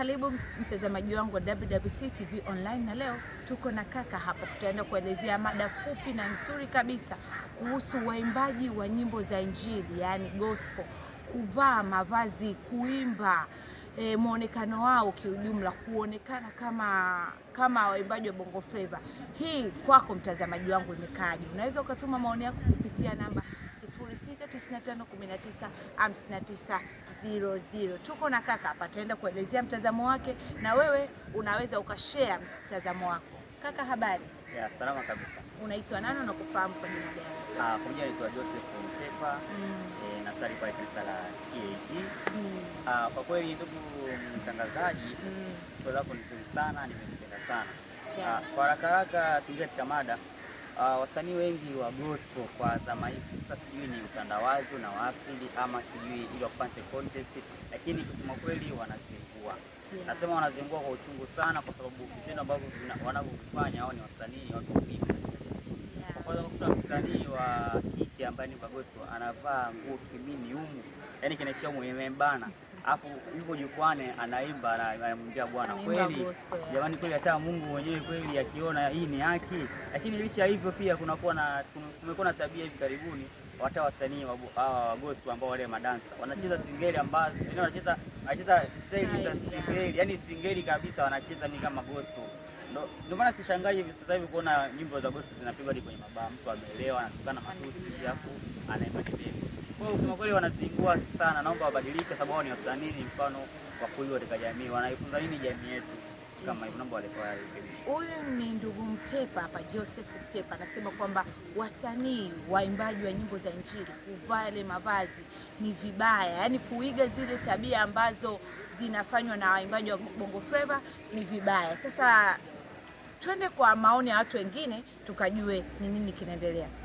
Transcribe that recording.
Karibu mtazamaji wangu wa WWC TV online, na leo tuko na kaka hapa, tutaenda kuelezea mada fupi na nzuri kabisa kuhusu waimbaji wa nyimbo za Injili, yaani gospel, kuvaa mavazi, kuimba e, mwonekano wao kiujumla, kuonekana kama kama waimbaji wa Bongo Flava. Hii kwako mtazamaji wangu imekaaje? Unaweza ukatuma maoni yako kupitia namba 0 Tuko na kaka hapa, ataenda kuelezea mtazamo wake na wewe unaweza ukashare mtazamo wako. Kaka, habari? Ya, salama kabisa. Unaitwa nani na kufahamu kwa jina gani? Ah, kwa jina naitwa Joseph Mtepa. Mm. E, nasali kwa kanisa la TAG. Mm. Ah, kwa kweli ndugu mtangazaji, mm. swali lako ni zuri sana, nimependa sana. Yeah. Ah, kwa haraka haraka tuingie katika mada uh, wasanii wengi wa gospel kwa zama hizi sasa, sijui ni utandawazi na waasili ama sijui ili wapate content, lakini kusema kweli wanazingua yeah. Nasema wanazingua kwa uchungu sana, kwa sababu vitendo ambavyo wanavyofanya hao ni wasanii, wa watu muhimu yeah. Kuta msanii wa kike ambaye ni wa gospel anavaa nguo kimini humu, yani kinaishia imembana afu yuko jukwani anaimba na anamwimbia Bwana kweli, jamani, kweli hata Mungu mwenyewe kweli akiona hii ni haki. Lakini licha hivyo pia kunakuwa na kumekuwa na tabia hivi karibuni hata wasanii hawa wa gospel ambao wale madansa wanacheza mm. singeli ambazo wanacheza wanacheza staili za singeli, yani singeli kabisa wanacheza ni kama gospel. Ndio maana sishangai sasa hivi kuona nyimbo za gospel zinapigwa hadi kwenye mabaa, mtu ameelewa, anatukana matusi alafu anaimba kwa kusema kweli wanazingua sana, naomba wabadilike, sababu wao ni wasanii, ni mfano wa kuigwa katika jamii, wanaifunza nini jamii yetu kama hivyo, naomba huyu ni ndugu Mtepa hapa, Joseph Mtepa anasema kwamba wasanii waimbaji wa nyimbo za Injili kuvaa yale mavazi ni vibaya, yaani kuiga zile tabia ambazo zinafanywa na waimbaji wa Bongo Flava ni vibaya. Sasa twende kwa maoni ya watu wengine tukajue ni nini kinaendelea.